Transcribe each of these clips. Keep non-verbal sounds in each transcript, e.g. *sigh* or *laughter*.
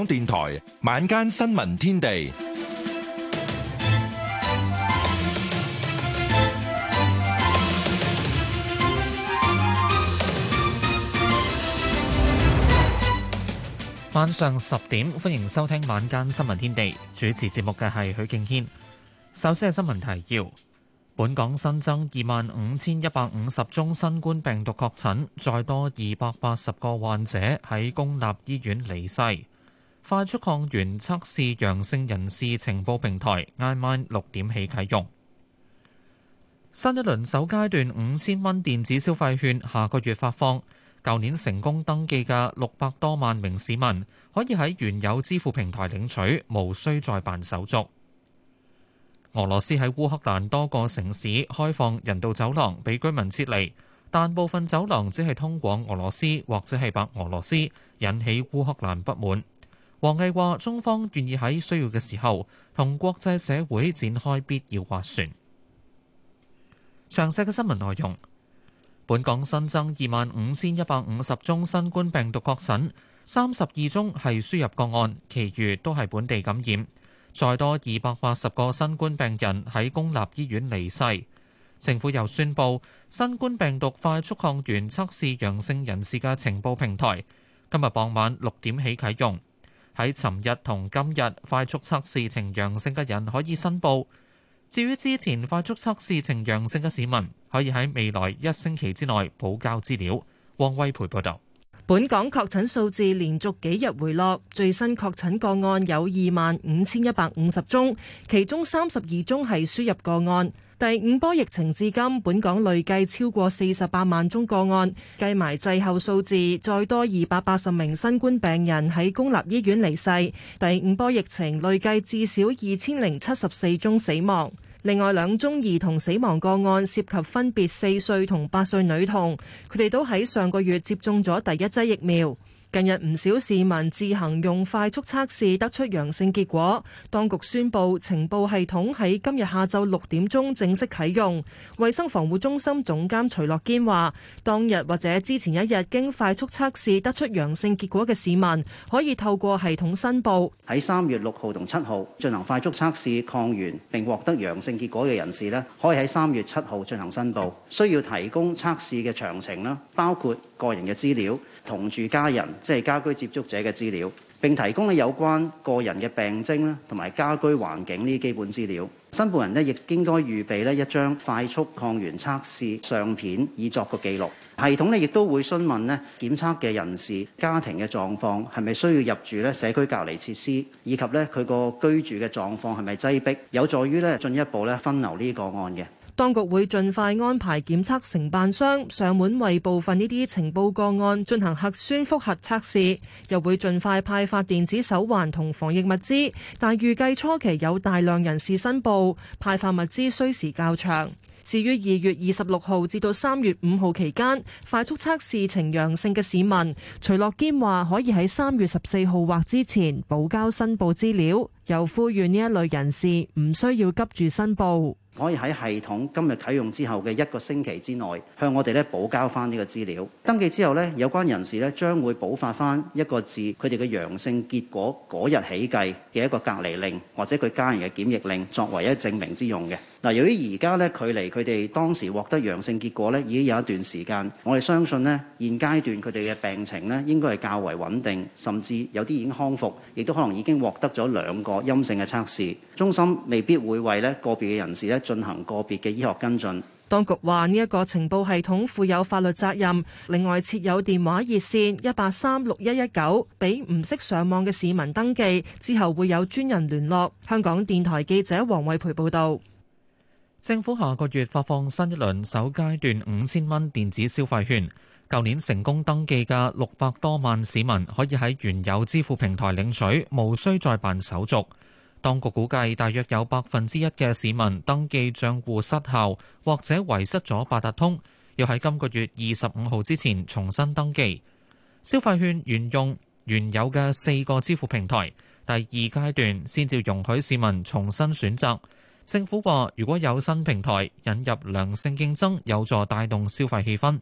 港電台晚間新聞天地，晚上十點歡迎收聽晚間新聞天地。主持節目嘅係許敬軒。首先係新聞提要：本港新增二萬五千一百五十宗新冠病毒確診，再多二百八十個患者喺公立醫院離世。快速抗原測試陽性人士情報平台挨晚六點起啟用。新一輪首階段五千蚊電子消費券下個月發放，舊年成功登記嘅六百多萬名市民可以喺原有支付平台領取，無需再辦手續。俄羅斯喺烏克蘭多個城市開放人道走廊，俾居民撤離，但部分走廊只係通往俄羅斯或者係白俄羅斯，引起烏克蘭不滿。王毅話：中方願意喺需要嘅時候同國際社會展開必要斡旋。詳細嘅新聞內容，本港新增二萬五千一百五十宗新冠病毒確診，三十二宗係輸入個案，其餘都係本地感染。再多二百八十個新冠病人喺公立醫院離世。政府又宣布新冠病毒快速抗原測試陽性人士嘅情報平台，今日傍晚六點起啟用。喺尋日同今日快速測試呈陽性嘅人可以申報。至於之前快速測試呈陽性嘅市民，可以喺未來一星期之內補交資料。汪威培報導。本港確診數字連續幾日回落，最新確診個案有二萬五千一百五十宗，其中三十二宗係輸入個案。第五波疫情至今，本港累計超過四十八萬宗個案，計埋滯後數字，再多二百八十名新冠病人喺公立醫院離世。第五波疫情累計至少二千零七十四宗死亡。另外兩宗兒童死亡個案涉及分別四歲同八歲女童，佢哋都喺上個月接種咗第一劑疫苗。近日唔少市民自行用快速測試得出陽性結果，當局宣布情報系統喺今日下晝六點鐘正式啟用。衛生防護中心總監徐樂堅話，當日或者之前一日經快速測試得出陽性結果嘅市民，可以透過系統申報。喺三月六號同七號進行快速測試抗原並獲得陽性結果嘅人士呢，可以喺三月七號進行申報，需要提供測試嘅詳情啦，包括，個人嘅資料、同住家人即係家居接觸者嘅資料，並提供有關個人嘅病徵同埋家居環境呢啲基本資料。申報人咧亦應該預備一張快速抗原測試相片，以作個記錄。系統亦都會詢問咧檢測嘅人士家庭嘅狀況係咪需要入住社區隔離設施，以及佢個居住嘅狀況係咪擠迫，有助於咧進一步分流呢個案嘅。當局會盡快安排檢測承辦商上門為部分呢啲情報個案進行核酸複核測試，又會盡快派發電子手環同防疫物資。但預計初期有大量人士申報，派發物資需時較長。至於二月二十六號至到三月五號期間快速測試呈陽性嘅市民，徐樂堅話可以喺三月十四號或之前補交申報資料，又呼籲呢一類人士唔需要急住申報。可以喺系統今日啟用之後嘅一個星期之內向我哋咧，補交翻呢個資料。登記之後咧，有關人士咧將會補發翻一個字，佢哋嘅陽性結果嗰日起計嘅一個隔離令或者佢家人嘅檢疫令，作為一證明之用嘅。嗱，由於而家咧距離佢哋當時獲得陽性結果咧，已經有一段時間，我哋相信咧現階段佢哋嘅病情咧應該係較為穩定，甚至有啲已經康復，亦都可能已經獲得咗兩個陰性嘅測試。中心未必會為呢個別嘅人士呢進行個別嘅醫學跟進。當局話呢一個情報系統負有法律責任。另外設有電話熱線一八三六一一九，俾唔識上網嘅市民登記，之後會有專人聯絡。香港電台記者黃慧培報道。政府下個月發放新一輪首階段五千蚊電子消費券，舊年成功登記嘅六百多萬市民可以喺原有支付平台領取，無需再辦手續。當局估計，大約有百分之一嘅市民登記賬戶失效，或者遺失咗八達通，要喺今個月二十五號之前重新登記。消費券沿用原有嘅四個支付平台，第二階段先至容許市民重新選擇。政府話，如果有新平台引入良性競爭，有助帶動消費氣氛。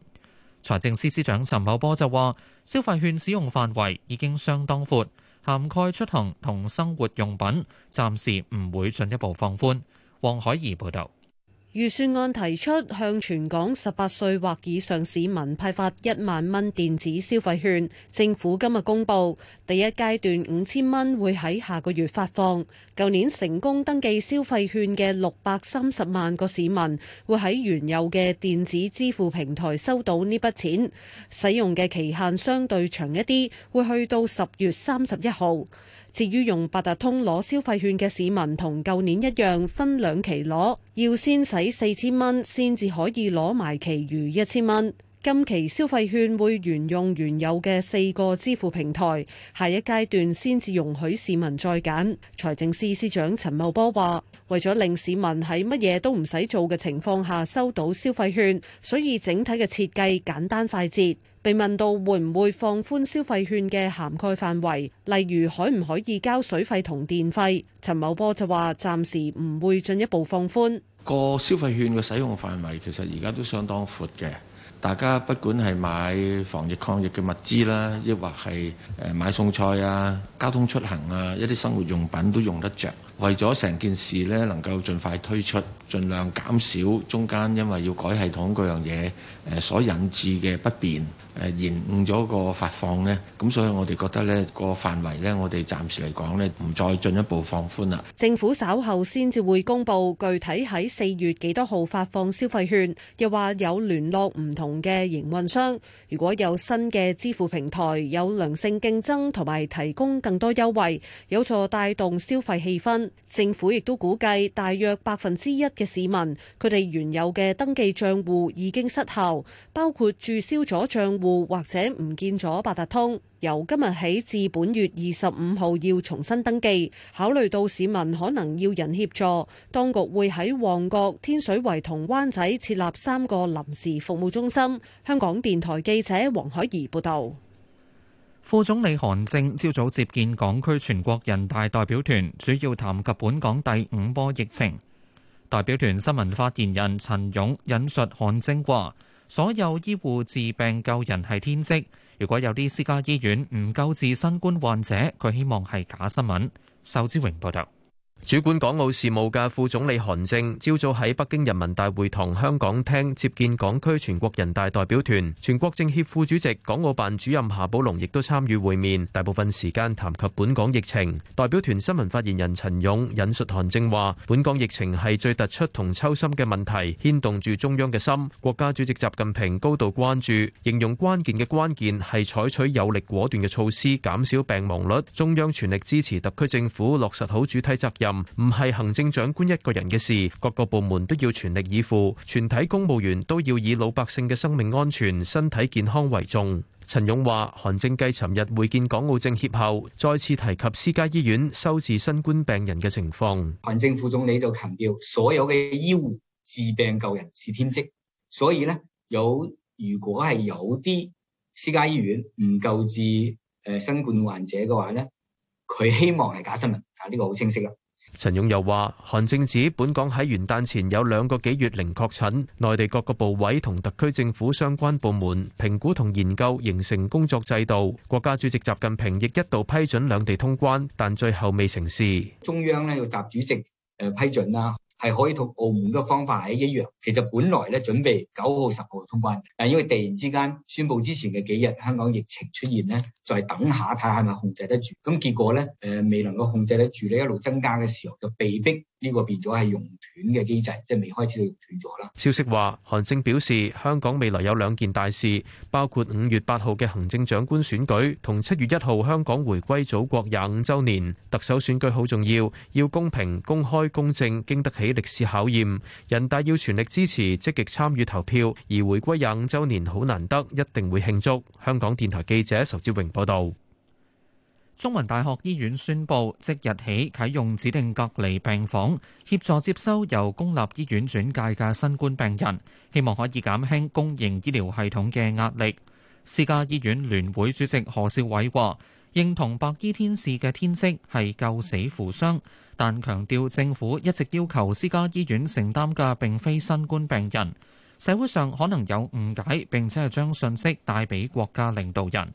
財政司司長陳茂波就話，消費券使用範圍已經相當闊。涵蓋出行同生活用品，暫時唔會進一步放寬。黃海怡報導。預算案提出向全港十八歲或以上市民派發一萬蚊電子消費券。政府今日公布，第一階段五千蚊會喺下個月發放。舊年成功登記消費券嘅六百三十萬個市民會喺原有嘅電子支付平台收到呢筆錢，使用嘅期限相對長一啲，會去到十月三十一號。至於用八達通攞消費券嘅市民，同舊年一樣分兩期攞，要先使四千蚊先至可以攞埋其餘一千蚊。今期消費券會沿用原有嘅四個支付平台，下一階段先至容許市民再揀。財政司司長陳茂波話：為咗令市民喺乜嘢都唔使做嘅情況下收到消費券，所以整體嘅設計簡單快捷。被問到會唔會放寬消費券嘅涵蓋範圍，例如可唔可以交水費同電費？陳茂波就話：暫時唔會進一步放寬個消費券嘅使用範圍。其實而家都相當闊嘅，大家不管係買防疫抗疫嘅物資啦，抑或係誒買餸菜啊、交通出行啊、一啲生活用品都用得着。為咗成件事呢，能夠盡快推出，儘量減少中間因為要改系統嗰樣嘢誒所引致嘅不便。誒延誤咗個發放咧，咁所以我哋覺得咧個範圍咧，我哋暫時嚟講咧唔再進一步放寬啦。政府稍後先至會公布具體喺四月幾多號發放消費券，又話有聯絡唔同嘅營運商，如果有新嘅支付平台有良性競爭同埋提供更多優惠，有助帶動消費氣氛。政府亦都估計大約百分之一嘅市民，佢哋原有嘅登記賬戶已經失效，包括註銷咗賬戶。或者唔見咗八達通，由今日起至本月二十五號要重新登記。考慮到市民可能要人協助，當局會喺旺角、天水圍同灣仔設立三個臨時服務中心。香港電台記者黃海怡報道。副總理韓正朝早接見港區全國人大代表團，主要談及本港第五波疫情。代表團新聞發言人陳勇引述韓正話。所有醫護治病救人係天職，如果有啲私家醫院唔救治新冠患者，佢希望係假新聞。仇志榮報道。主管港澳事務嘅副總理韓正朝早喺北京人民大會堂香港廳接見港區全國人大代表團，全國政協副主席、港澳辦主任夏寶龍亦都參與會面。大部分時間談及本港疫情，代表團新聞發言人陳勇引述韓正話：本港疫情係最突出同揪心嘅問題，牽動住中央嘅心。國家主席習近平高度關注，形容關鍵嘅關鍵係採取有力果斷嘅措施，減少病亡率。中央全力支持特區政府落實好主體責任。唔係行政長官一個人嘅事，各個部門都要全力以赴，全體公務員都要以老百姓嘅生命安全、身體健康為重。陳勇話，韓正繼尋日會見港澳政協後，再次提及私家醫院收治新冠病人嘅情況。韓正副總理就強調，所有嘅醫護，治病救人是天職，所以呢，有如果係有啲私家醫院唔救治誒新冠患者嘅話呢，佢希望係假新聞啊！呢個好清晰啦。陳勇又話，韓正指本港喺元旦前有兩個幾月零確診，內地各個部委同特區政府相關部門評估同研究，形成工作制度。國家主席習近平亦一度批准兩地通關，但最後未成事。中央呢要習主席誒批准啦。係可以同澳門嘅方法係一樣，其實本來咧準備九號十號通關，但因為突然之間宣布之前嘅幾日香港疫情出現咧，就係等下睇下係咪控制得住，咁結果咧誒、呃、未能夠控制得住咧，一路增加嘅時候就被逼。呢個變咗係熔斷嘅機制，即係未開始就斷咗啦。消息話，韓正表示，香港未來有兩件大事，包括五月八號嘅行政長官選舉同七月一號香港回歸祖國廿五週年。特首選舉好重要，要公平、公開、公正，經得起歷史考驗。人大要全力支持，積極參與投票。而回歸廿五週年好難得，一定會慶祝。香港電台記者仇志榮報道。中文大學醫院宣布即日起啟用指定隔離病房，協助接收由公立醫院轉介嘅新冠病人，希望可以減輕公營醫療系統嘅壓力。私家醫院聯會主席何兆煒話，認同白衣天使嘅天職係救死扶傷，但強調政府一直要求私家醫院承擔嘅並非新冠病人，社會上可能有誤解，並且係將信息帶俾國家領導人。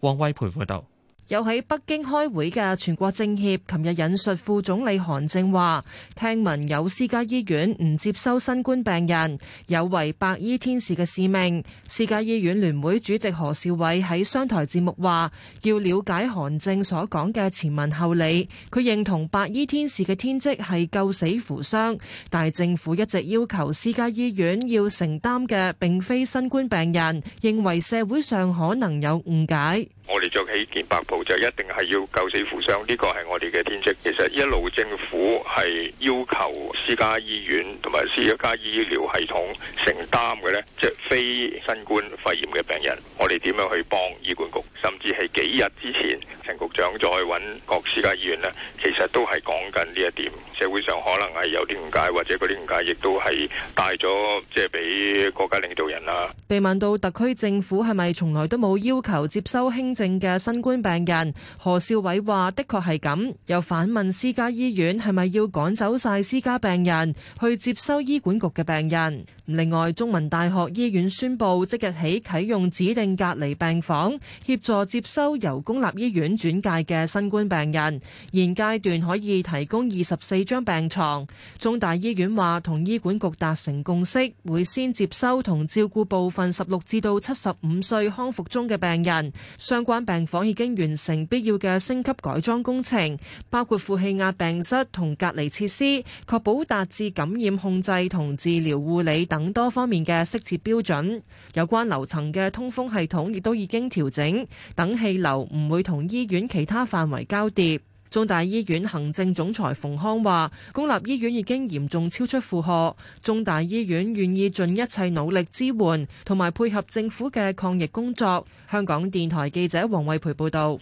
王威培報道。有喺北京開會嘅全國政協，琴日引述副總理韓正話，聽聞有私家醫院唔接收新冠病人，有違白衣天使嘅使命。私家醫院聯會主席何兆煒喺商台節目話，要了解韓正所講嘅前文後理，佢認同白衣天使嘅天職係救死扶傷，但政府一直要求私家醫院要承擔嘅，並非新冠病人，認為社會上可能有誤解。我哋着起件白袍就一定係要救死扶傷，呢個係我哋嘅天職。其實一路政府係要求私家醫院同埋私一家醫療系統承擔嘅咧，即係非新冠肺炎嘅病人，我哋點樣去幫醫管局？甚至係幾日之前，陳局長再揾各私家醫院咧，其實都係講緊呢一點。社會上可能係有啲誤解，或者嗰啲誤解亦都係帶咗即係俾國家領導人啊。被問到特區政府係咪從來都冇要求接收輕正嘅新冠病人，何少偉話的確係咁，又反問私家醫院係咪要趕走晒私家病人去接收醫管局嘅病人。另外，中文大學醫院宣布即日起啟用指定隔離病房，協助接收由公立醫院轉介嘅新冠病人。現階段可以提供二十四張病床。中大醫院話同醫管局達成共識，會先接收同照顧部分十六至到七十五歲康復中嘅病人。相關病房已經完成必要嘅升級改裝工程，包括負氣壓病室同隔離設施，確保達至感染控制同治療護理。等多方面嘅適切標準，有關樓層嘅通風系統亦都已經調整，等氣流唔會同醫院其他範圍交疊。中大醫院行政總裁馮康話公立醫院已經嚴重超出負荷，中大醫院願意盡一切努力支援同埋配合政府嘅抗疫工作。香港電台記者黃慧培報道。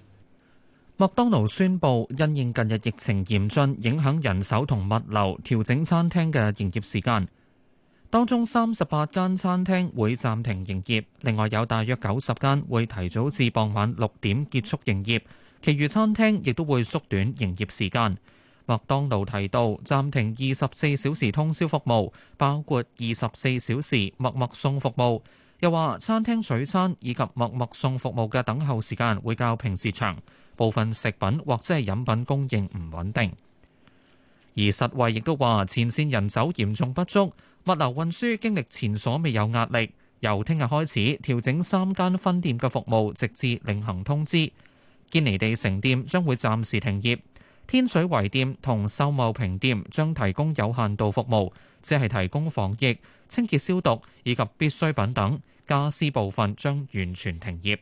麥當勞宣布因應近日疫情嚴峻，影響人手同物流，調整餐廳嘅營業時間。當中三十八間餐廳會暫停營業，另外有大約九十間會提早至傍晚六點結束營業，其餘餐廳亦都會縮短營業時間。麥當勞提到暫停二十四小時通宵服務，包括二十四小時麥麥送服務，又話餐廳取餐以及麥麥送服務嘅等候時間會較平時長，部分食品或者係飲品供應唔穩定。而實惠亦都話前線人手嚴重不足。物流運輸經歷前所未有的壓力，由聽日開始調整三間分店嘅服務，直至另行通知。堅尼地城店將會暫時停業，天水圍店同秀茂坪店將提供有限度服務，即係提供防疫、清潔消毒以及必需品等。家私部分將完全停業。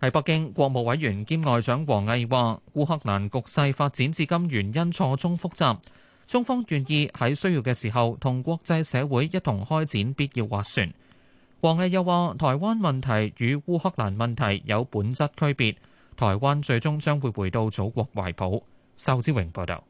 喺北京，國務委員兼外長王毅話：烏克蘭局勢發展至今，原因錯綜複雜。中方願意喺需要嘅時候同國際社會一同開展必要斡旋。王毅又話：台灣問題與烏克蘭問題有本質區別，台灣最終將會回到祖國懷抱。仇志榮報道。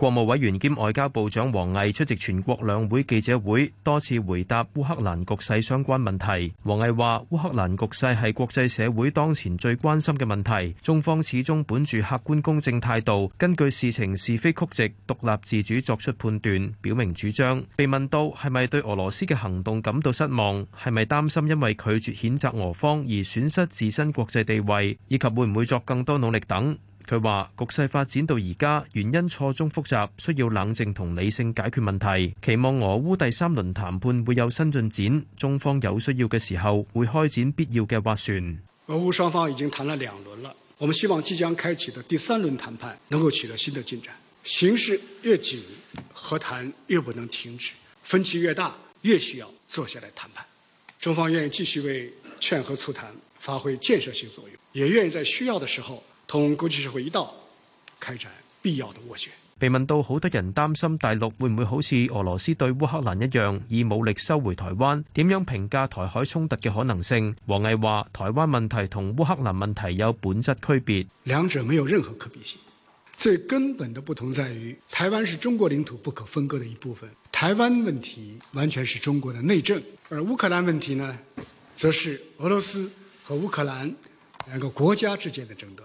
國務委員兼外交部長王毅出席全國兩會記者會，多次回答烏克蘭局勢相關問題。王毅話：烏克蘭局勢係國際社會當前最關心嘅問題，中方始終本住客觀公正態度，根據事情是非曲直，獨立自主作出判斷，表明主張。被問到係咪對俄羅斯嘅行動感到失望，係咪擔心因為拒絕譴責俄方而損失自身國際地位，以及會唔會作更多努力等。佢話：局勢發展到而家，原因錯綜複雜，需要冷靜同理性解決問題。期望俄烏第三輪談判會有新進展，中方有需要嘅時候會開展必要嘅斡旋。俄烏雙方已經談了兩輪了，我們希望即將開啟的第三輪談判能夠取得新的進展。形勢越緊，和談越不能停止；分歧越大，越需要坐下來談判。中方願意繼續為勸和促談發揮建設性作用，也願意在需要的時候，同國際社會一道，開展必要的斡旋。被問到好多人擔心大陸會唔會好似俄羅斯對烏克蘭一樣，以武力收回台灣，點樣評價台海衝突嘅可能性？王毅話：台灣問題同烏克蘭問題有本質區別，兩者沒有任何可比性。最根本的不同在於，台灣是中國領土不可分割的一部分，台灣問題完全係中國的內政，而烏克蘭問題呢，則是俄羅斯和烏克蘭兩個國家之間的爭端。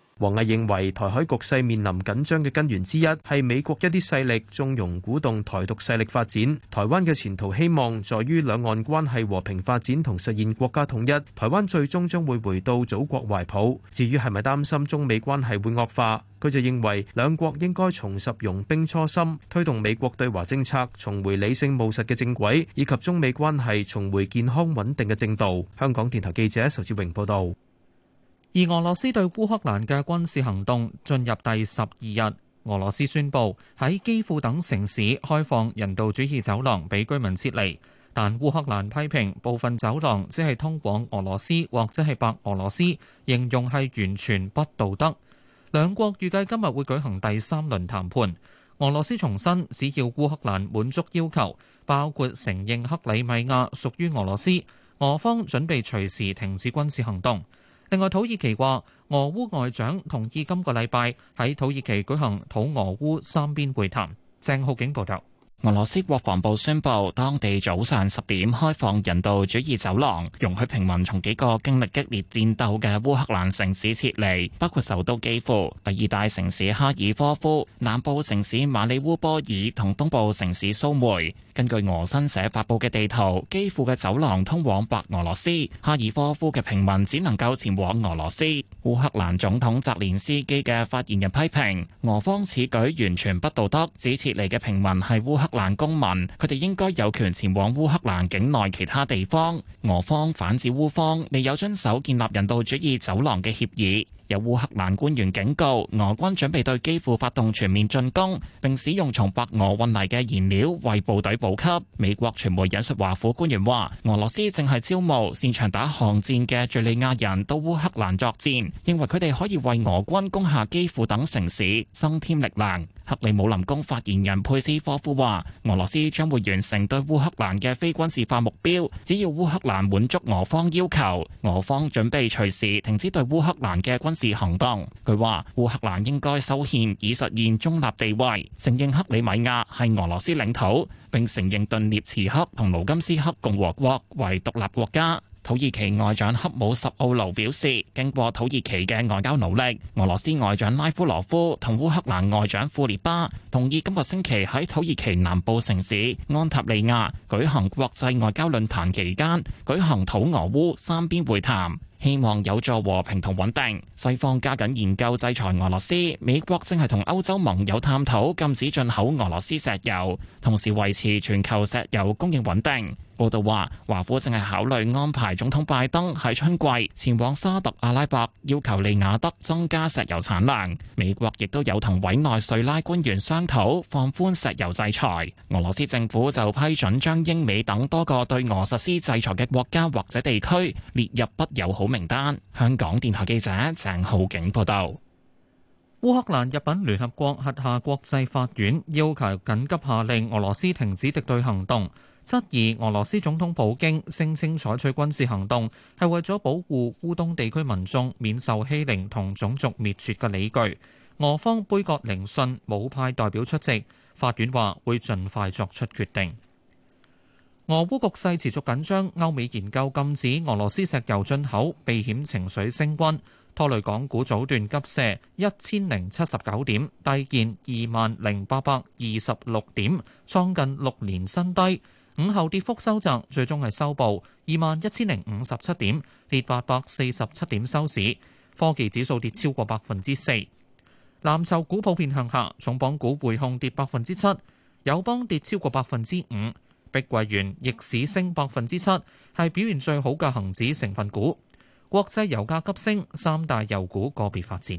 王毅認為，台海局勢面臨緊張嘅根源之一係美國一啲勢力縱容鼓動台獨勢力發展。台灣嘅前途希望在於兩岸關係和平發展同實現國家統一，台灣最終將會回到祖國懷抱。至於係咪擔心中美關係會惡化，佢就認為兩國應該重拾融冰初心，推動美國對華政策重回理性務實嘅正軌，以及中美關係重回健康穩定嘅正道。香港電台記者仇志榮報道。而俄羅斯對烏克蘭嘅軍事行動進入第十二日，俄羅斯宣布喺基庫等城市開放人道主義走廊俾居民撤離，但烏克蘭批評部分走廊只係通往俄羅斯或者係白俄羅斯，形容係完全不道德。兩國預計今日會舉行第三輪談判，俄羅斯重申只要烏克蘭滿足要求，包括承認克里米亞屬於俄羅斯，俄方準備隨時停止軍事行動。另外，土耳其話，俄烏外長同意今個禮拜喺土耳其舉行土俄烏三邊會談。鄭浩景報道。俄羅斯國防部宣布，當地早上十點開放人道主義走廊，容許平民從幾個經歷激烈戰鬥嘅烏克蘭城市撤離，包括首都基輔、第二大城市哈爾科夫、南部城市馬里烏波爾同東部城市蘇梅。根據俄新社發布嘅地圖，基輔嘅走廊通往白俄羅斯，哈爾科夫嘅平民只能夠前往俄羅斯。烏克蘭總統澤連斯基嘅發言人批評，俄方此舉完全不道德，只撤離嘅平民係烏克蘭蘭公民，佢哋應該有權前往烏克蘭境內其他地方。俄方反指烏方未有遵守建立人道主義走廊嘅協議。有烏克蘭官員警告，俄軍準備對基輔發動全面進攻，並使用從白俄運嚟嘅燃料為部隊補給。美國傳媒引述華府官員話，俄羅斯正係招募擅長打巷戰嘅敘利亞人到烏克蘭作戰，認為佢哋可以為俄軍攻下基輔等城市增添力量。克里姆林宮發言人佩斯科夫話，俄羅斯將會完成對烏克蘭嘅非軍事化目標，只要烏克蘭滿足俄方要求，俄方準備隨時停止對烏克蘭嘅軍事自行動。佢話：烏克蘭應該修憲，以實現中立地位，承認克里米亞係俄羅斯領土，並承認頓涅茨克同盧甘斯克共和國為獨立國家。土耳其外長黑姆什奧盧表示，經過土耳其嘅外交努力，俄羅斯外長拉夫羅夫同烏克蘭外長庫列巴同意今個星期喺土耳其南部城市安塔利亞舉行國際外交論壇期間舉行土俄烏三邊會談。希望有助和平同穩定。西方加緊研究制裁俄羅斯，美國正係同歐洲盟友探討禁止進口俄羅斯石油，同時維持全球石油供應穩定。報道話，華府正係考慮安排總統拜登喺春季前往沙特阿拉伯，要求利雅得增加石油產量。美國亦都有同委內瑞拉官員商討放寬石油制裁。俄羅斯政府就批准將英美等多個對俄實施制裁嘅國家或者地區列入不友好名單。香港電台記者鄭浩景報道：烏克蘭入稟聯合國轄下國際法院，要求緊急下令俄羅斯停止敵對行動，質疑俄羅斯總統普京聲稱採取軍事行動係為咗保護烏東地區民眾免受欺凌同種族滅絕嘅理據。俄方杯葛聆訊，冇派代表出席。法院話會盡快作出決定。俄烏局勢持續緊張，歐美研究禁止俄羅斯石油進口，避險情緒升温，拖累港股早段急瀉，一千零七十九點，低見二萬零八百二十六點，創近六年新低。午後跌幅收窄，最終係收報二萬一千零五十七點，跌八百四十七點收市。科技指數跌超過百分之四，藍籌股普遍向下，重磅股匯控跌百分之七，友邦跌超過百分之五。碧桂園逆市升百分之七，係表現最好嘅恒指成分股。國際油價急升，三大油股個別發展。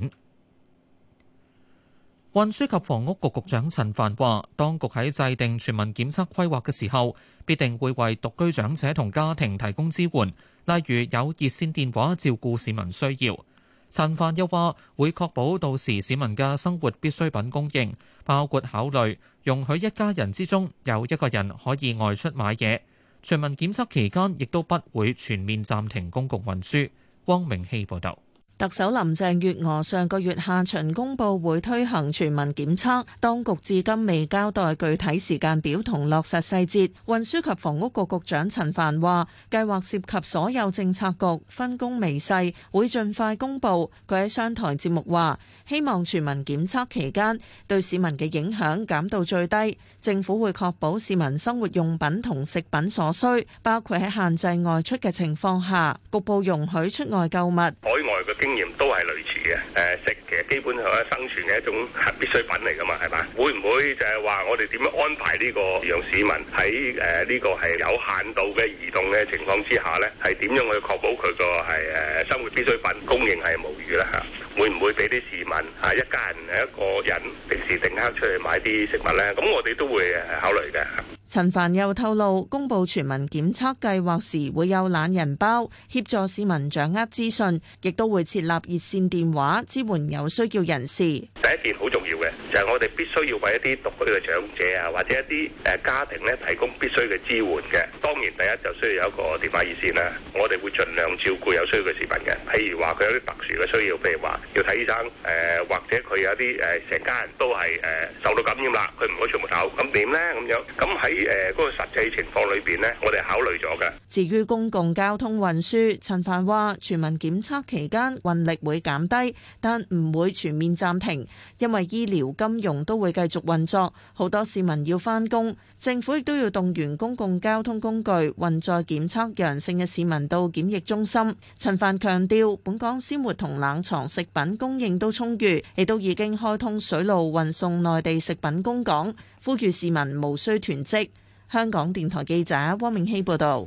運輸及房屋局局長陳帆話，當局喺制定全民檢測規劃嘅時候，必定會為獨居長者同家庭提供支援，例如有熱線電話照顧市民需要。陳帆又話：會確保到時市民嘅生活必需品供應，包括考慮容許一家人之中有一個人可以外出買嘢。全民檢測期間亦都不會全面暫停公共運輸。汪明希報導。特首林鄭月娥上個月下旬公佈會推行全民檢測，當局至今未交代具體時間表同落實細節。運輸及房屋局局長陳帆話：計劃涉及所有政策局，分工微細，會盡快公佈。佢喺商台節目話：希望全民檢測期間對市民嘅影響減到最低，政府會確保市民生活用品同食品所需，包括喺限制外出嘅情況下，局部容許出外購物。海外嘅經都係類似嘅，誒食其實基本上生存嘅一種必需品嚟噶嘛，係嘛？會唔會就係話我哋點樣安排呢個讓市民喺誒呢個係有限度嘅移動嘅情況之下咧，係點樣去確保佢個係誒生活必需品供應係無虞咧？吓，會唔會俾啲市民啊一家人一個人平時定刻出去買啲食物咧？咁我哋都會誒考慮嘅。陳帆又透露，公布全民檢測計劃時會有懶人包協助市民掌握資訊，亦都會設立熱線電話支援有需要人士。第一件好重要嘅就係、是、我哋必須要為一啲獨居嘅長者啊，或者一啲誒家庭咧提供必須嘅支援嘅。當然第一就需要有一個電話熱線啦。我哋會盡量照顧有需要嘅市民嘅，譬如話佢有啲特殊嘅需要，譬如話要睇醫生誒、呃，或者佢有啲誒成家人都係誒、呃、受到感染啦，佢唔可以出門口，咁點咧咁樣呢？咁喺誒嗰個實際情況裏邊咧，我哋考慮咗嘅。至於公共交通運輸，陳帆話全民檢測期間運力會減低，但唔會全面暫停，因為醫療、金融都會繼續運作。好多市民要翻工，政府亦都要動員公共交通工具運載檢測陽性嘅市民到檢疫中心。陳帆強調，本港鮮活同冷藏食品供應都充裕，亦都已經開通水路運送內地食品供港。呼籲市民無需囤積。香港電台記者汪明熙報道。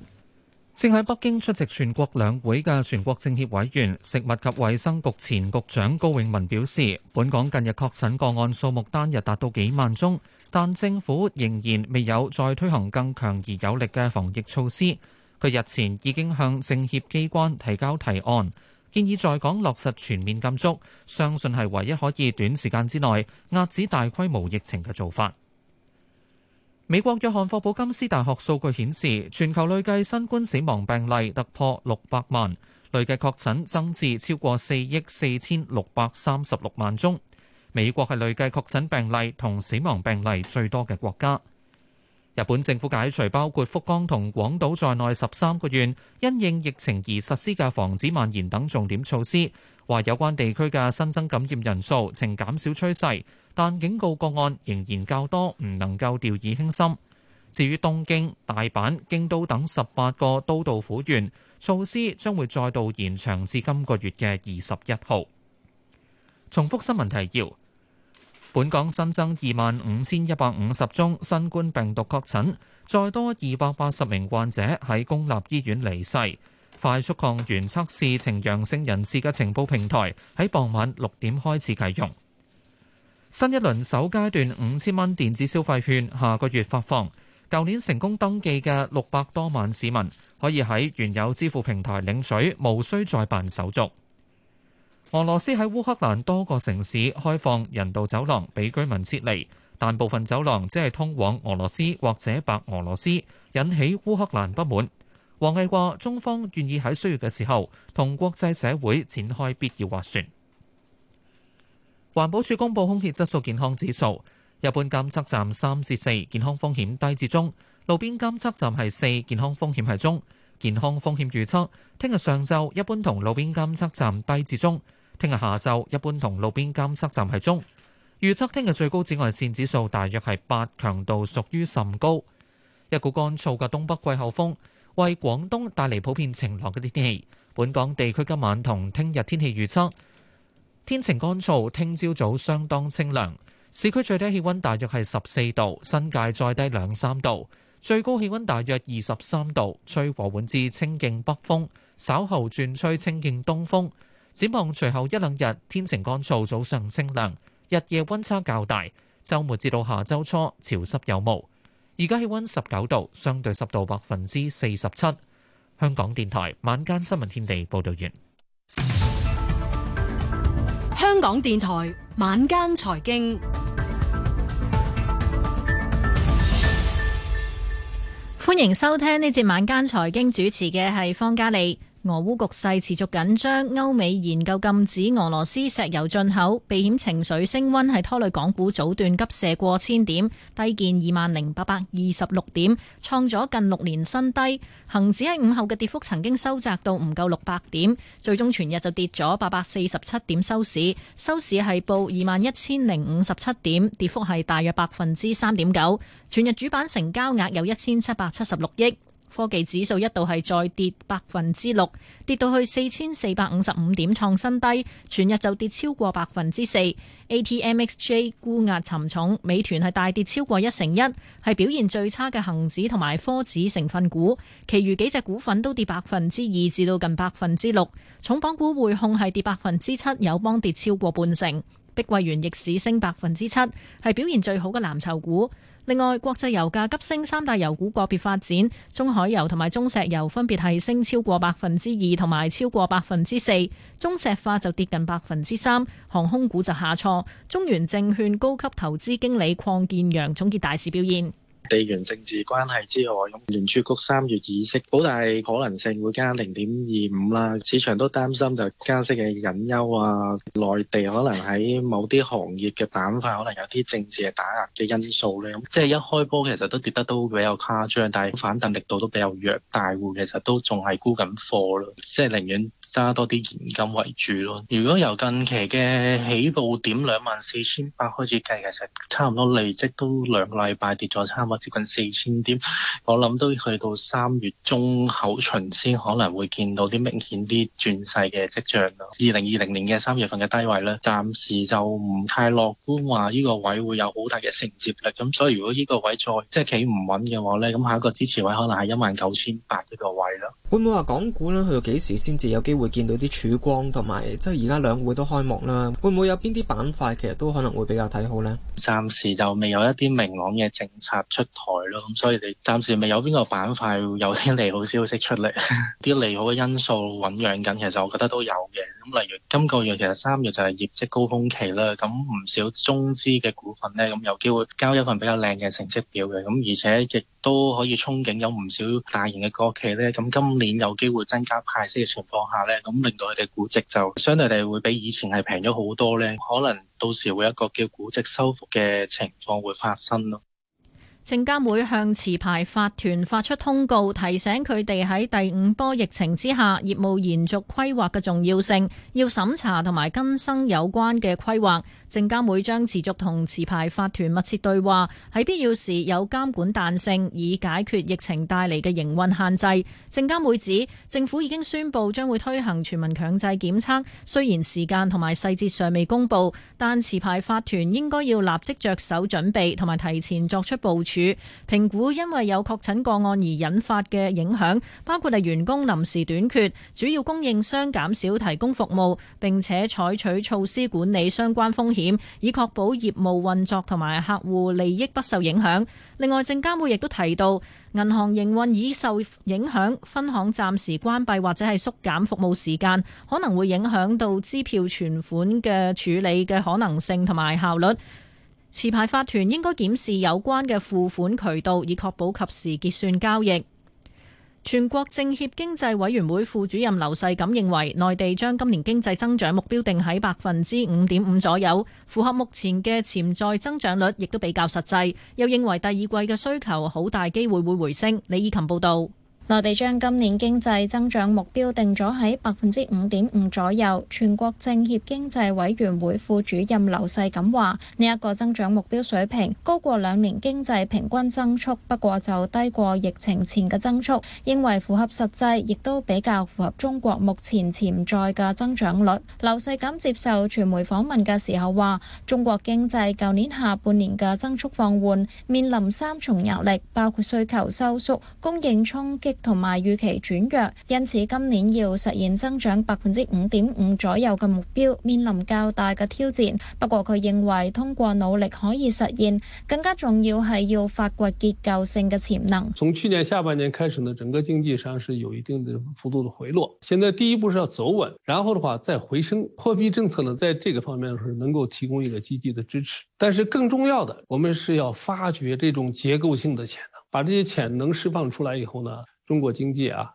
正喺北京出席全國兩會嘅全國政協委員食物及衛生局前局長高永文表示，本港近日確診個案數目單日達到幾萬宗，但政府仍然未有再推行更強而有力嘅防疫措施。佢日前已經向政協機關提交提案，建議在港落實全面禁足，相信係唯一可以短時間之內遏止大規模疫情嘅做法。美國約翰霍普金斯大學數據顯示，全球累計新冠死亡病例突破六百萬，累計確診增至超過四億四千六百三十六萬宗。美國係累計確診病例同死亡病例最多嘅國家。日本政府解除包括福岡同廣島在內十三個縣因應疫情而實施嘅防止蔓延等重點措施，話有關地區嘅新增感染人數呈減少趨勢，但警告個案仍然較多，唔能夠掉以輕心。至於東京、大阪、京都等十八個都道府縣，措施將會再度延長至今個月嘅二十一號。重複新聞提要。本港新增二萬五千一百五十宗新冠病毒確診，再多二百八十名患者喺公立醫院離世。快速抗原測試呈陽性人士嘅情報平台喺傍晚六點開始啟用。新一輪首階段五千蚊電子消費券下個月發放，舊年成功登記嘅六百多萬市民可以喺原有支付平台領取，無需再辦手續。俄羅斯喺烏克蘭多個城市開放人道走廊俾居民撤離，但部分走廊只係通往俄羅斯或者白俄羅斯，引起烏克蘭不滿。王毅話：中方願意喺需要嘅時候同國際社會展開必要斡旋。環保署公布空氣質素健康指數，一般監測站三至四，健康風險低至中；路邊監測站係四，健康風險係中。健康風險預測聽日上晝一般同路邊監測站低至中。聽日下晝一般同路邊監測站係中，預測聽日最高紫外線指數大約係八，強度屬於甚高。一股乾燥嘅東北季候風為廣東帶嚟普遍晴朗嘅天氣。本港地區今晚同聽日天氣預測，天晴乾燥，聽朝早相當清涼，市區最低氣溫大約係十四度，新界再低兩三度，最高氣溫大約二十三度，吹和緩至清勁北風，稍後轉吹清勁東風。展望隨後一兩日，天晴乾燥，早上清涼，日夜溫差較大。周末至到下周初，潮濕有霧。而家氣溫十九度，相對濕度百分之四十七。香港電台晚間新聞天地報道完。香港電台晚間財經，歡迎收聽呢節晚間財經，主持嘅係方嘉莉。俄烏局勢持續緊張，歐美研究禁止俄羅斯石油進口，避險情緒升溫係拖累港股早段急瀉過千點，低見二萬零八百二十六點，創咗近六年新低。恒指喺午後嘅跌幅曾經收窄到唔夠六百點，最終全日就跌咗八百四十七點收市，收市係報二萬一千零五十七點，跌幅係大約百分之三點九。全日主板成交額有一千七百七十六億。科技指數一度係再跌百分之六，跌到去四千四百五十五點，創新低。全日就跌超過百分之四。ATMXJ 沽壓沉重，美團係大跌超過一成一，係表現最差嘅恒指同埋科指成分股。其餘幾隻股份都跌百分之二至到近百分之六。重磅股匯控係跌百分之七，友邦跌超過半成。碧桂園逆市升百分之七，係表現最好嘅藍籌股。另外，國際油價急升，三大油股個別發展，中海油同埋中石油分別係升超過百分之二同埋超過百分之四，中石化就跌近百分之三。航空股就下挫。中原證券高級投資經理鄺建陽總結大市表現。地緣政治關係之外，咁聯儲局三月議息好大可能性會加零點二五啦。市場都擔心就加息嘅隱憂啊，內地可能喺某啲行業嘅板塊可能有啲政治嘅打壓嘅因素咧。咁即係一開波其實都跌得都比較誇張，但係反彈力度都比較弱。大戶其實都仲係沽緊貨咯，即係寧願揸多啲現金為主咯。如果由近期嘅起步點兩萬四千八開始計，其實差唔多累積都兩個禮拜跌咗差唔多、接近四千點，我諗都去到三月中下旬先可能會見到啲明顯啲轉勢嘅跡象啦。二零二零年嘅三月份嘅低位咧，暫時就唔太樂觀，話呢個位會有好大嘅承接力。咁所以如果呢個位再即係企唔穩嘅話咧，咁下一個支持位可能係一萬九千八呢個位咯。會唔會話港股咧去到幾時先至有機會見到啲曙光，同埋即係而家兩會都開幕啦？會唔會有邊啲板塊其實都可能會比較睇好呢？暫時就未有一啲明朗嘅政策出台咯，咁所以你暫時未有邊個板塊有啲利好消息出嚟，啲利好嘅因素醞釀緊。其實我覺得都有嘅。咁例如今個月其實三月就係業績高峰期啦，咁唔少中資嘅股份咧，咁有機會交一份比較靚嘅成績表嘅。咁而且亦都可以憧憬有唔少大型嘅國企咧，咁今年有機會增加派息嘅情況下咧，咁令到佢哋估值就相對地會比以前係平咗好多咧。可能到時會有一個叫估值修復嘅情況會發生咯。證監會向持牌法團發出通告，提醒佢哋喺第五波疫情之下，業務延續規劃嘅重要性，要審查同埋更新有關嘅規劃。證監會將持續同持牌法團密切對話，喺必要時有監管彈性，以解決疫情帶嚟嘅營運限制。證監會指，政府已經宣佈將會推行全民強制檢測，雖然時間同埋細節尚未公布，但持牌法團應該要立即着手準備同埋提前作出部署，評估因為有確診個案而引發嘅影響，包括係員工臨時短缺、主要供應商減少提供服務，並且採取措施管理相關風險。以確保業務運作同埋客戶利益不受影響。另外，證監會亦都提到，銀行營運已受影響，分行暫時關閉或者係縮減服務時間，可能會影響到支票存款嘅處理嘅可能性同埋效率。持牌法團應該檢視有關嘅付款渠道，以確保及時結算交易。全國政協經濟委員會副主任劉世錦認為，內地將今年經濟增長目標定喺百分之五點五左右，符合目前嘅潛在增長率，亦都比較實際。又認為第二季嘅需求好大機會會回升。李以琴報導。內地將今年經濟增長目標定咗喺百分之五點五左右，全國政協經濟委員會副主任劉世錦話：呢一個增長目標水平高過兩年經濟平均增速，不過就低過疫情前嘅增速，認為符合實際，亦都比較符合中國目前潛在嘅增長率。劉世錦接受傳媒訪問嘅時候話：中國經濟舊年下半年嘅增速放緩，面臨三重壓力，包括需求收縮、供應衝擊。同埋預期轉弱，因此今年要實現增長百分之五點五左右嘅目標，面臨較大嘅挑戰。不過佢認為通過努力可以實現，更加重要係要發掘結構性嘅潛能。從去年下半年開始呢，整個經濟上是有一定的幅度的回落。現在第一步是要走穩，然後的話再回升。貨幣政策呢，在這個方面是能夠提供一個積極的支持。但是更重要的，我們是要發掘這種結構性的潛能，把這些潛能釋放出來以後呢，中國經濟啊。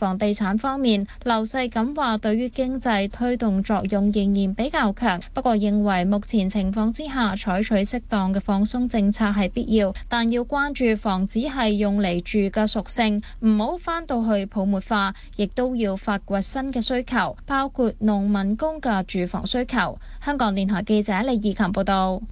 房地產方面，劉世錦話，對於經濟推動作用仍然比較強，不過認為目前情況之下，採取適當嘅放鬆政策係必要，但要關注房子係用嚟住嘅屬性，唔好返到去泡沫化，亦都要發掘新嘅需求，包括農民工嘅住房需求。香港電台記者李義琴報道。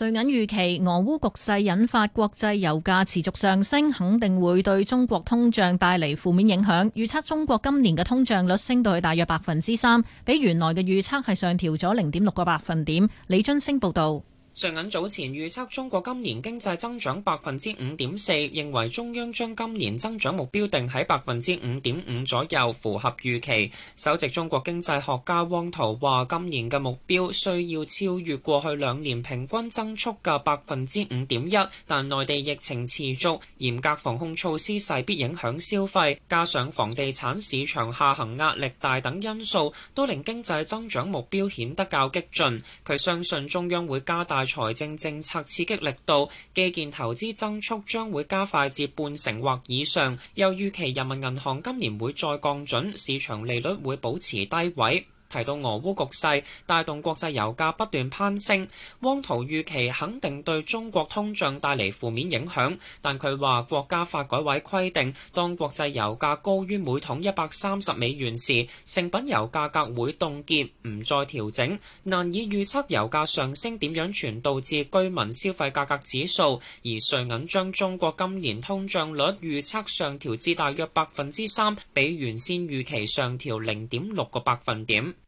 瑞銀預期，俄烏局勢引發國際油價持續上升，肯定會對中國通脹帶嚟負面影響。預測中國今年嘅通脹率升到去大約百分之三，比原來嘅預測係上調咗零點六個百分點。李津升報導。瑞銀早前預測中國今年經濟增長百分之五點四，認為中央將今年增長目標定喺百分之五點五左右，符合預期。首席中國經濟學家汪濤話：今年嘅目標需要超越過去兩年平均增速嘅百分之五點一，但內地疫情持續，嚴格防控措施勢必影響消費，加上房地產市場下行壓力大等因素，都令經濟增長目標顯得較激進。佢相信中央會加大，財政政策刺激力度，基建投資增速將會加快至半成或以上，又預期人民銀行今年會再降準，市場利率會保持低位。提到俄烏局勢帶動國際油價不斷攀升，汪濤預期肯定對中國通脹帶嚟負面影響。但佢話國家發改委規定，當國際油價高於每桶一百三十美元時，成品油價格會凍結，唔再調整。難以預測油價上升點樣，傳導至居民消費價格指數。而瑞銀將中國今年通脹率預測上調至大約百分之三，比原先預期上調零點六個百分點。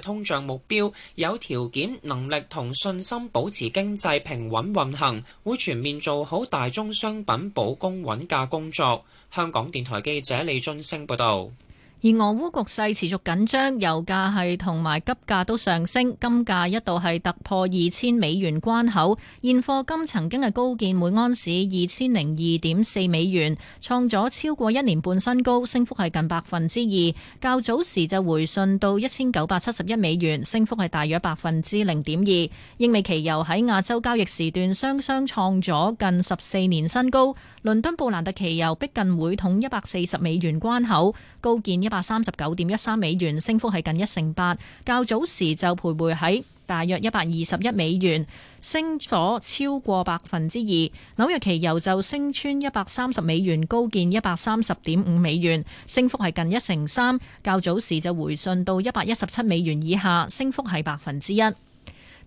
通脹目標，有條件、能力同信心保持經濟平穩運行，會全面做好大宗商品保供穩價工作。香港電台記者李津升報道。而俄烏局勢持續緊張，油價係同埋急價都上升，金價一度係突破二千美元關口，現貨金曾經係高見每安士二千零二點四美元，創咗超過一年半新高，升幅係近百分之二。較早時就回信到一千九百七十一美元，升幅係大約百分之零點二。英美期油喺亞洲交易時段雙雙創咗近十四年新高，倫敦布蘭特期油逼近每桶一百四十美元關口，高見，一百三十九點一三美元，升幅係近一成八。較早時就徘徊喺大約一百二十一美元，升咗超過百分之二。紐約期油就升穿一百三十美元，高見一百三十點五美元，升幅係近一成三。較早時就回順到一百一十七美元以下，升幅係百分之一。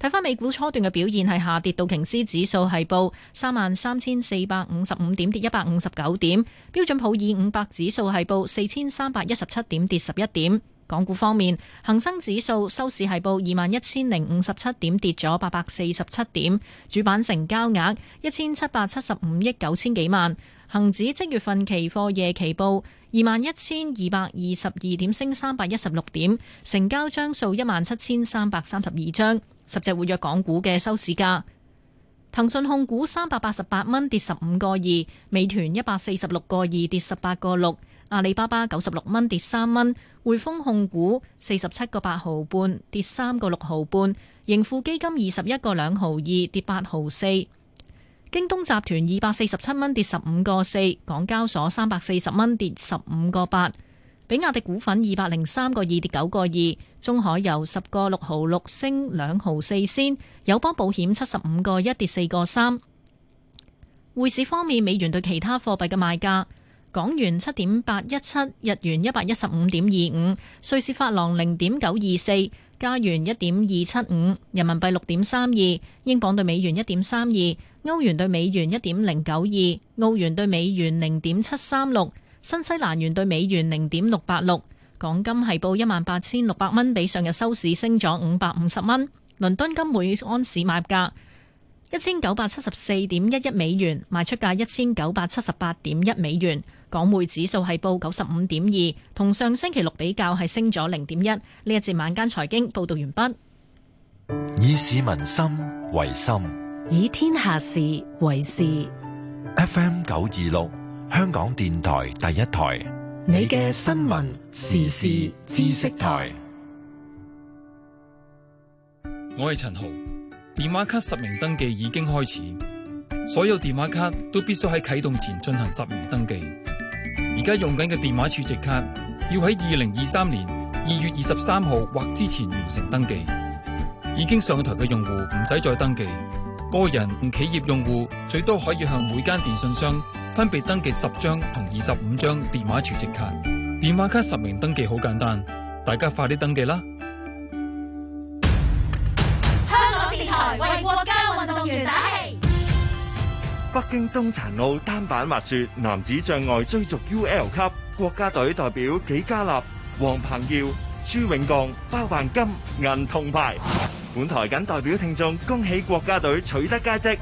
睇翻美股初段嘅表現，係下跌。道瓊斯指數係報三萬三千四百五十五點，跌一百五十九點。標準普爾五百指數係報四千三百一十七點，跌十一點。港股方面，恒生指數收市係報二萬一千零五十七點，跌咗八百四十七點。主板成交額一千七百七十五億九千幾萬。恒指即月份期貨夜期報二萬一千二百二十二點，升三百一十六點，成交張數一萬七千三百三十二張。十隻活躍港股嘅收市價：騰訊控股三百八十八蚊，跌十五個二；美團一百四十六個二，跌十八個六；阿里巴巴九十六蚊，跌三蚊；匯豐控股四十七個八毫半，跌三個六毫半；盈富基金二十一個兩毫二，跌八毫四；京東集團二百四十七蚊，跌十五個四；港交所三百四十蚊，跌十五個八；比亞迪股份二百零三個二，跌九個二。中海油十個六毫六，升兩毫四仙，友邦保險七十五個一，跌四個三。匯市方面，美元對其他貨幣嘅賣價：港元七點八一七，日元一百一十五點二五，瑞士法郎零點九二四，加元一點二七五，人民幣六點三二，英鎊對美元一點三二，歐元對美元一點零九二，澳元對美元零點七三六，新西蘭元對美元零點六八六。港金係報一萬八千六百蚊，比上日收市升咗五百五十蚊。倫敦金每安士買價一千九百七十四點一一美元，賣出價一千九百七十八點一美元。港匯指數係報九十五點二，同上星期六比較係升咗零點一。呢一節晚間財經報道完畢。以市民心為心，以天下事為事。FM 九二六，香港電台第一台。你嘅新聞時事知識台，我係陳豪。電話卡實名登記已經開始，所有電話卡都必須喺啟動前進行實名登記。而家用緊嘅電話儲值卡要喺二零二三年二月二十三號或之前完成登記。已經上台嘅用戶唔使再登記。個人同企業用戶最多可以向每間電信商分別登記十張同二十五張電話儲值卡。電話卡實名登記好簡單，大家快啲登記啦！香港電台為國家運動員打氣。北京冬殘奧單板滑雪男子障礙追逐 U L 級，國家隊代表紀立家、王鵬耀、朱永剛包辦金銀銅牌。本台僅代表聽眾，恭喜國家隊取得佳績。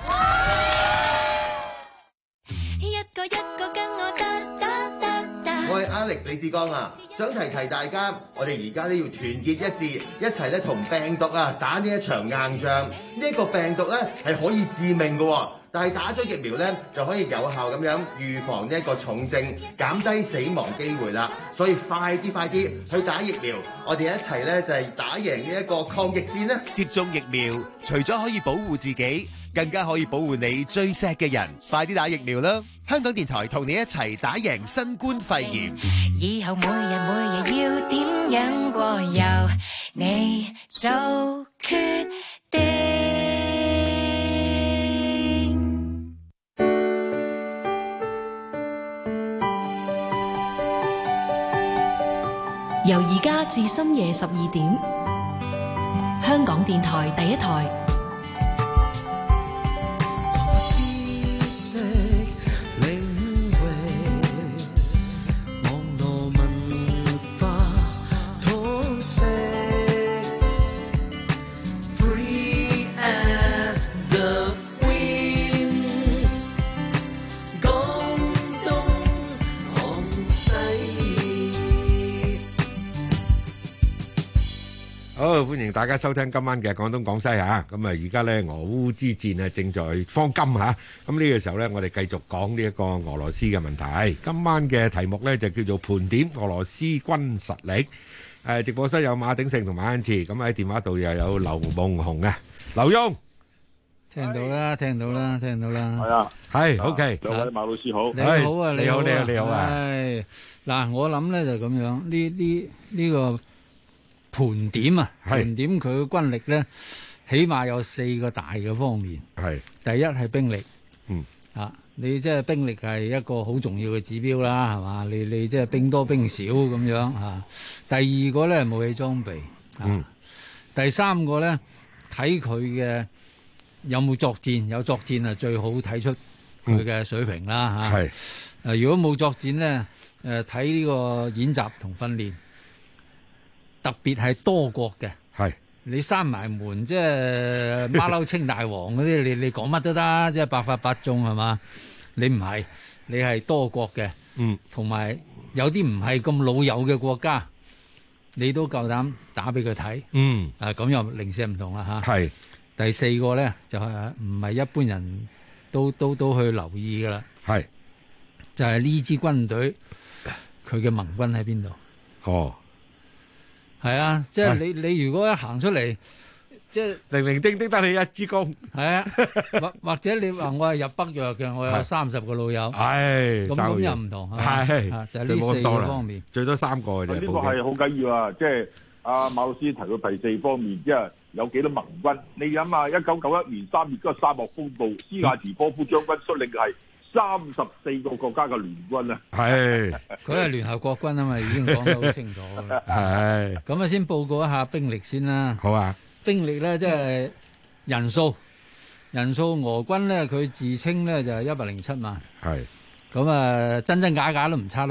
一個一個跟我打打打打。我係 Alex 李志剛啊，想提提大家，我哋而家都要團結一致，一齊咧同病毒啊打呢一場硬仗。呢、這、一個病毒咧係可以致命嘅喎。但係打咗疫苗咧，就可以有效咁樣預防呢一個重症，減低死亡機會啦。所以快啲快啲去打疫苗，我哋一齊咧就係打贏呢一個抗疫戰啦！接種疫苗，除咗可以保護自己，更加可以保護你最錫嘅人。快啲打疫苗啦！香港電台同你一齊打贏新冠肺炎。以後每日每日要點樣過，由你做決定。由而家至深夜十二點，香港電台第一台。大家收聽今晚嘅廣東廣西吓，咁啊而家咧俄烏之戰啊正在方今吓，咁呢個時候咧我哋繼續講呢一個俄羅斯嘅問題。今晚嘅題目咧就叫做盤點俄羅斯軍實力。誒，直播室有馬鼎盛同馬恩賜，咁喺電話度又有劉夢紅啊，劉墉，聽到啦，聽到啦，聽到啦，係啊，係，OK，兩位馬老師好，你好啊，你好，你好，你好啊，係嗱，我諗咧就咁樣，呢呢呢個。盤點啊，盤點佢嘅軍力咧，起碼有四個大嘅方面。係是第一係兵力，嗯啊，你即係兵力係一個好重要嘅指標啦，係嘛？你你即係兵多兵少咁樣啊？第二個咧武器裝備，嗯，第三個咧睇佢嘅有冇作戰，有作戰啊最好睇出佢嘅水平啦吓。係，誒如果冇作戰咧，誒睇呢個演習同訓練。特別係多國嘅，係你閂埋門，即係馬騮稱大王嗰啲，你你講乜都得，即係百發百中係嘛？你唔係，你係多國嘅，嗯，同埋有啲唔係咁老友嘅國家，你都夠膽打俾佢睇，嗯，啊咁又零舍唔同啦吓。係第四個咧，就係唔係一般人都都都去留意噶啦，係就係呢支軍隊，佢嘅盟軍喺邊度？哦。係啊，即係你唉你如果一行出嚟，即係零零丁丁得你一支公，係 *laughs* 啊，或或者你話我係入北約嘅，我有三十個老友，係咁咁又唔同，係唉、啊、就係呢四個方面最，最多三個啫。呢個係好緊要啊！即係阿馬老師提到第四方面，即、就、係、是、有幾多盟軍？你諗下、啊，一九九一年三月嗰個沙漠風暴，斯亞茨波夫將軍率領係。三十四個國家嘅聯軍啊，係佢係聯合國軍啊嘛，已經講得好清楚㗎啦，係咁啊，先報告一下兵力先啦。好啊，兵力咧即係人數，人數俄軍咧佢自稱咧就係一百零七萬，係咁啊，真真假假假都唔差。